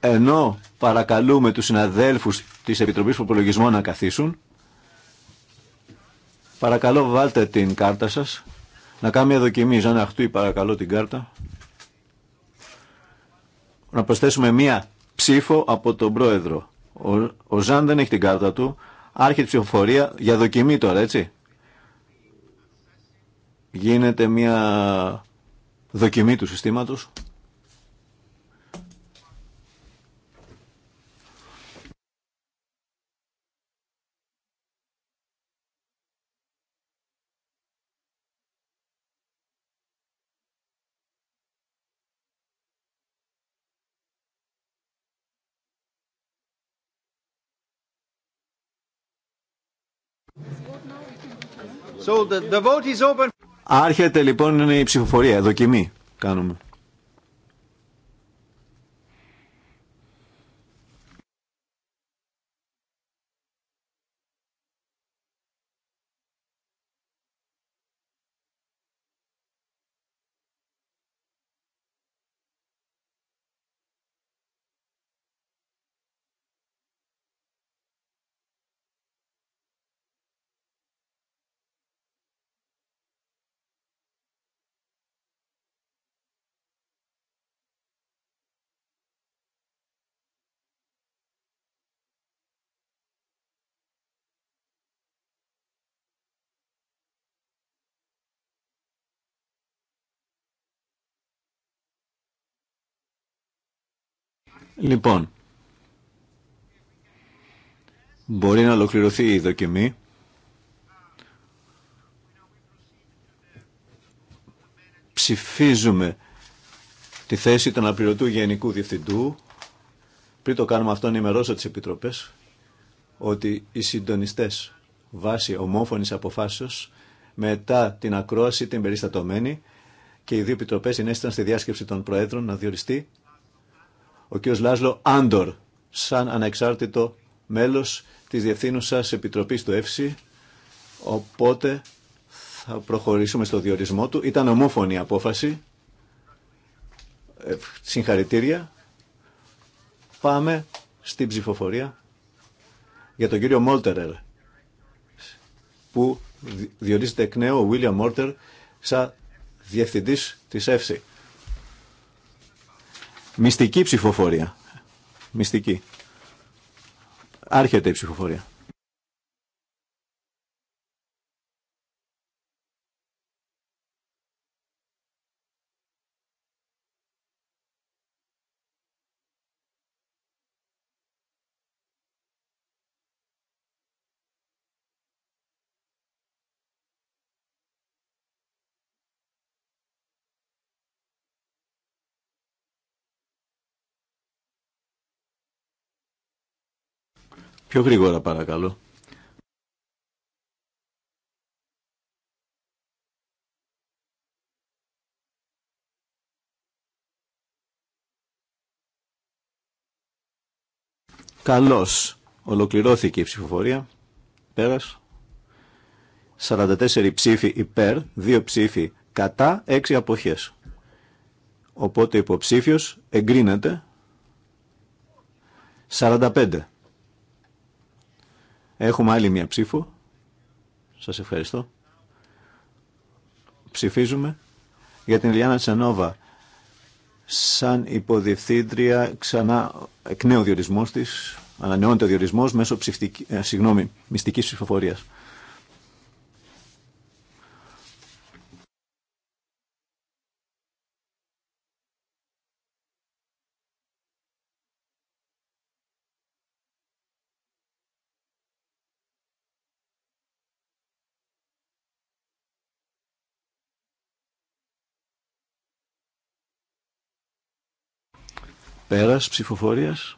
ενώ παρακαλούμε τους συναδέλφους της Επιτροπής Προπολογισμών να καθίσουν, παρακαλώ βάλτε την κάρτα σας, να κάνουμε μια δοκιμή, Ζαν Αχτούη παρακαλώ την κάρτα, να προσθέσουμε μια ψήφο από τον Πρόεδρο. Ο, Ζαν δεν έχει την κάρτα του, άρχεται ψηφοφορία για δοκιμή τώρα, έτσι. Γίνεται μια δοκιμή του συστήματος. Άρχεται λοιπόν η ψηφοφορία, δοκιμή κάνουμε. Λοιπόν, μπορεί να ολοκληρωθεί η δοκιμή. Ψηφίζουμε τη θέση των αναπληρωτού Γενικού Διευθυντού. Πριν το κάνουμε αυτό, ενημερώσω τις Επιτροπές ότι οι συντονιστές βάσει ομόφωνης αποφάσεως μετά την ακρόαση την περιστατωμένη και οι δύο επιτροπές συνέστησαν στη διάσκεψη των Προέδρων να διοριστεί ο κ. Λάσλο Άντορ σαν ανεξάρτητο μέλος της Διευθύνουσα Επιτροπής του ΕΦΣΥ, οπότε θα προχωρήσουμε στο διορισμό του. Ήταν ομόφωνη η απόφαση. Ε, συγχαρητήρια. Πάμε στην ψηφοφορία για τον κύριο Μόλτερερ, που διορίζεται εκ νέου ο Βίλιαμ Μόρτερ σαν διευθυντής της ΕΦΣΥ. Μυστική ψηφοφορία. Μυστική. Άρχεται η ψηφοφορία. Πιο γρήγορα παρακαλώ. Καλώς. Ολοκληρώθηκε η ψηφοφορία. Πέρας. 44 ψήφοι υπέρ, 2 ψήφοι κατά, 6 αποχές. Οπότε υποψήφιος εγκρίνεται 45. Έχουμε άλλη μία ψήφο. Σας ευχαριστώ. Ψηφίζουμε για την Ιλιάνα Τσανόβα σαν υποδιευθύντρια ξανά εκ νέου διορισμός της, ανανεώνεται ο διορισμός μέσω ψηφτική, ε, συγγνώμη, μυστικής ψηφοφορίας. Πέρας ψηφοφορίας.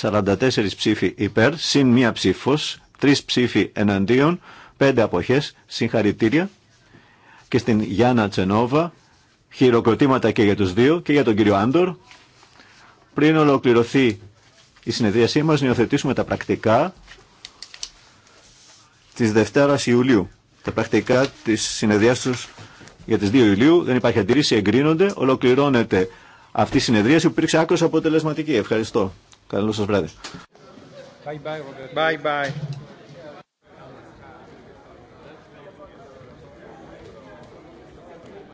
44 ψήφοι υπέρ, συν μία ψήφος, 3 ψήφοι εναντίον, 5 αποχές, συγχαρητήρια. Και στην Γιάννα Τσενόβα, χειροκροτήματα και για τους δύο και για τον κύριο Άντορ. Πριν ολοκληρωθεί η συνεδρίασή μας, νιοθετήσουμε τα πρακτικά της Δευτέρας Ιουλίου. Τα πρακτικά της τους για τις 2 Ιουλίου δεν υπάρχει αντίρρηση, εγκρίνονται, ολοκληρώνεται αυτή η συνεδρίαση που υπήρξε άκρως αποτελεσματική. Ευχαριστώ. Καλό σας βράδυ. Bye bye.